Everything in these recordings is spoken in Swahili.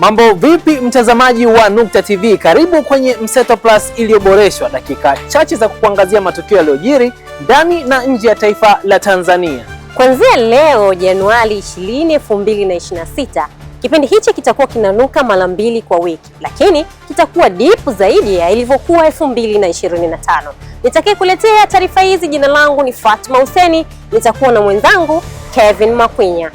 Mambo vipi mtazamaji wa Nukta TV, karibu kwenye Mseto Plus iliyoboreshwa, dakika chache za kukuangazia matukio yaliyojiri ndani na nje ya taifa la Tanzania. Kuanzia leo Januari 20, 2026, kipindi hichi kitakuwa kinanuka mara mbili kwa wiki, lakini kitakuwa deep zaidi ya ilivyokuwa 2025. Nitakayekuletea taarifa hizi, jina langu ni Fatma Huseni, nitakuwa na mwenzangu Kevin Makwinya.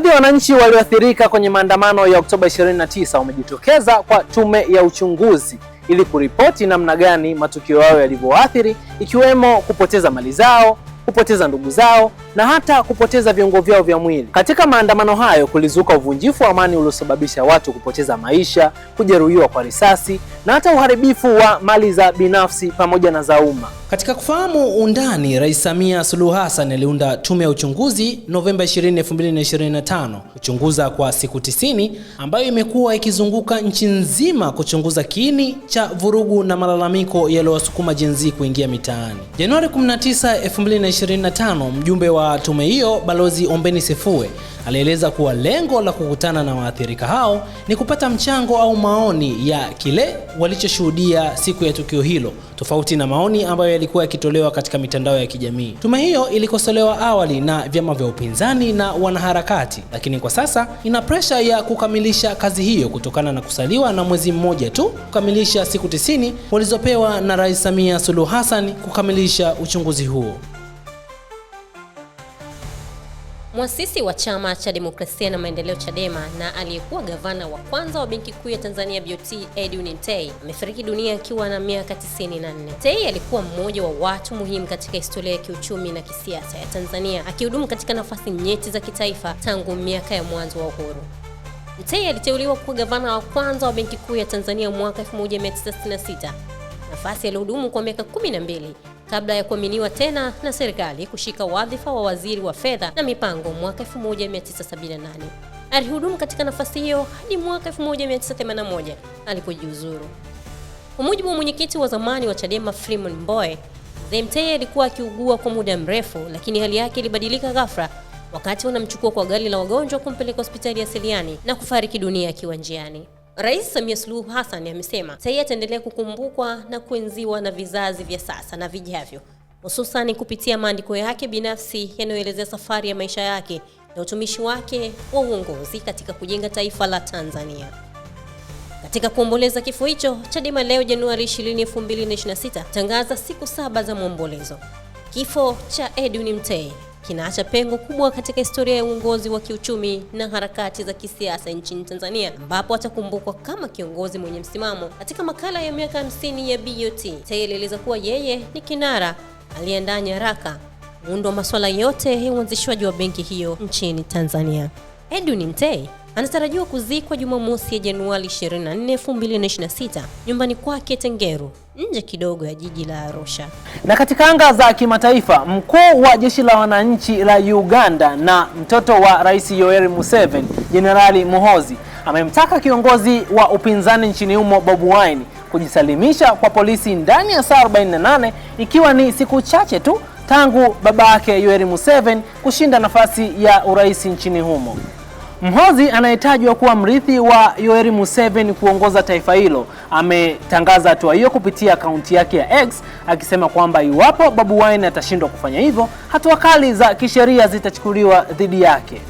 Baadhi ya wananchi walioathirika kwenye maandamano ya Oktoba 29 wamejitokeza kwa tume ya uchunguzi ili kuripoti namna gani matukio yao yalivyoathiri, ikiwemo kupoteza mali zao, kupoteza ndugu zao na hata kupoteza viungo vyao vya mwili. Katika maandamano hayo kulizuka uvunjifu wa amani uliosababisha watu kupoteza maisha, kujeruhiwa kwa risasi na hata uharibifu wa mali za binafsi pamoja na za umma. Katika kufahamu undani, Rais Samia Suluhu Hassan aliunda tume ya uchunguzi Novemba 20, 2025 kuchunguza kwa siku 90 ambayo imekuwa ikizunguka nchi nzima kuchunguza kiini cha vurugu na malalamiko yaliyowasukuma Gen kuingia mitaani. Januari 19, 2025 mjumbe wa tume hiyo Balozi Ombeni Sefue alieleza kuwa lengo la kukutana na waathirika hao ni kupata mchango au maoni ya kile walichoshuhudia siku ya tukio hilo, tofauti na maoni ambayo yalikuwa yakitolewa katika mitandao ya kijamii. Tume hiyo ilikosolewa awali na vyama vya upinzani na wanaharakati, lakini kwa sasa ina presha ya kukamilisha kazi hiyo kutokana na kusaliwa na mwezi mmoja tu kukamilisha siku tisini walizopewa na Rais Samia Suluhu Hassan kukamilisha uchunguzi huo. Mwasisi wa Chama cha Demokrasia na Maendeleo Chadema na aliyekuwa gavana wa kwanza wa Benki Kuu ya Tanzania BOT Edwin Mtei amefariki dunia akiwa na miaka 94. tei alikuwa mmoja wa watu muhimu katika historia ya kiuchumi na kisiasa ya Tanzania, akihudumu katika nafasi nyeti za kitaifa tangu miaka ya mwanzo wa uhuru. Mtei aliteuliwa kuwa gavana wa kwanza wa Benki Kuu ya Tanzania mwaka 1966, nafasi aliyohudumu kwa miaka 12 kabla ya kuaminiwa tena na serikali kushika wadhifa wa waziri wa fedha na mipango mwaka 1978. Alihudumu katika nafasi hiyo hadi mwaka 1981 alipojiuzuru. Kwa mujibu wa mwenyekiti wa zamani wa Chadema Freeman Mbowe, Zimteye alikuwa akiugua kwa muda mrefu, lakini hali yake ilibadilika ghafla wakati wanamchukua kwa gari la wagonjwa kumpeleka hospitali ya Seliani na kufariki dunia akiwa njiani. Rais Samia Suluhu Hassan amesema yeye ataendelea kukumbukwa na kuenziwa na vizazi vya sasa na vijavyo, hususani kupitia maandiko yake binafsi yanayoelezea safari ya maisha yake na utumishi wake wa uongozi katika kujenga taifa la Tanzania. Katika kuomboleza kifo hicho, Chadema leo Januari 20, 2026 tangaza siku saba za maombolezo. Kifo cha Edwin Mtei kinaacha pengo kubwa katika historia ya uongozi wa kiuchumi na harakati za kisiasa nchini Tanzania, ambapo atakumbukwa kama kiongozi mwenye msimamo. Katika makala ya miaka 50 ya BOT, TAI alieleza kuwa yeye ni kinara aliyeandaa nyaraka, muundo wa masuala yote ya uanzishwaji wa benki hiyo nchini Tanzania. Edwin Mtei Anatarajiwa kuzikwa Jumamosi ya Januari 24, 2026 nyumbani kwake Tengeru, nje kidogo ya jiji la Arusha. Na katika anga za kimataifa, mkuu wa jeshi la wananchi la Uganda na mtoto wa Rais Yoweri Museveni, Jenerali muhozi amemtaka kiongozi wa upinzani nchini humo Bobi Wine kujisalimisha kwa polisi ndani ya saa 48 ikiwa ni siku chache tu tangu baba yake Yoweri Museveni kushinda nafasi ya urais nchini humo. Mhozi anayetajwa kuwa mrithi wa Yoweri Museveni kuongoza taifa hilo ametangaza hatua hiyo kupitia akaunti yake ya X akisema kwamba iwapo Bobi Wine atashindwa kufanya hivyo, hatua kali za kisheria zitachukuliwa dhidi yake.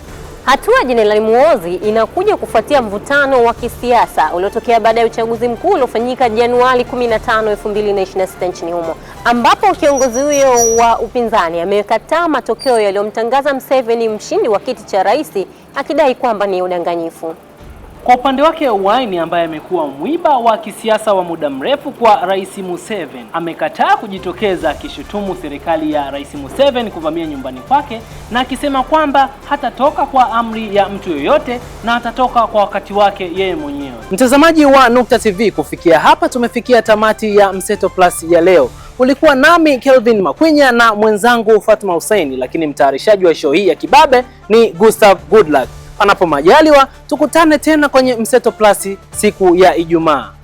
Hatua Jenerali Muhoozi inakuja kufuatia mvutano wa kisiasa uliotokea baada ya uchaguzi mkuu uliofanyika Januari 15, 2026 nchini humo, ambapo kiongozi huyo wa upinzani amekataa matokeo yaliyomtangaza Museveni mshindi wa kiti cha rais akidai kwamba ni udanganyifu. Kwa upande wake Waini ambaye amekuwa mwiba wa kisiasa wa muda mrefu kwa Rais Museveni amekataa kujitokeza akishutumu serikali ya Rais Museveni kuvamia nyumbani kwake na akisema kwamba hatatoka kwa amri ya mtu yoyote na atatoka kwa wakati wake yeye mwenyewe. Mtazamaji wa Nukta TV, kufikia hapa tumefikia tamati ya Mseto Plus ya leo. Ulikuwa nami Kelvin Makwinya na mwenzangu Fatma Hussein, lakini mtayarishaji wa show hii ya kibabe ni Gustav Goodluck panapo majaliwa, tukutane tena kwenye Mseto Plus siku ya Ijumaa.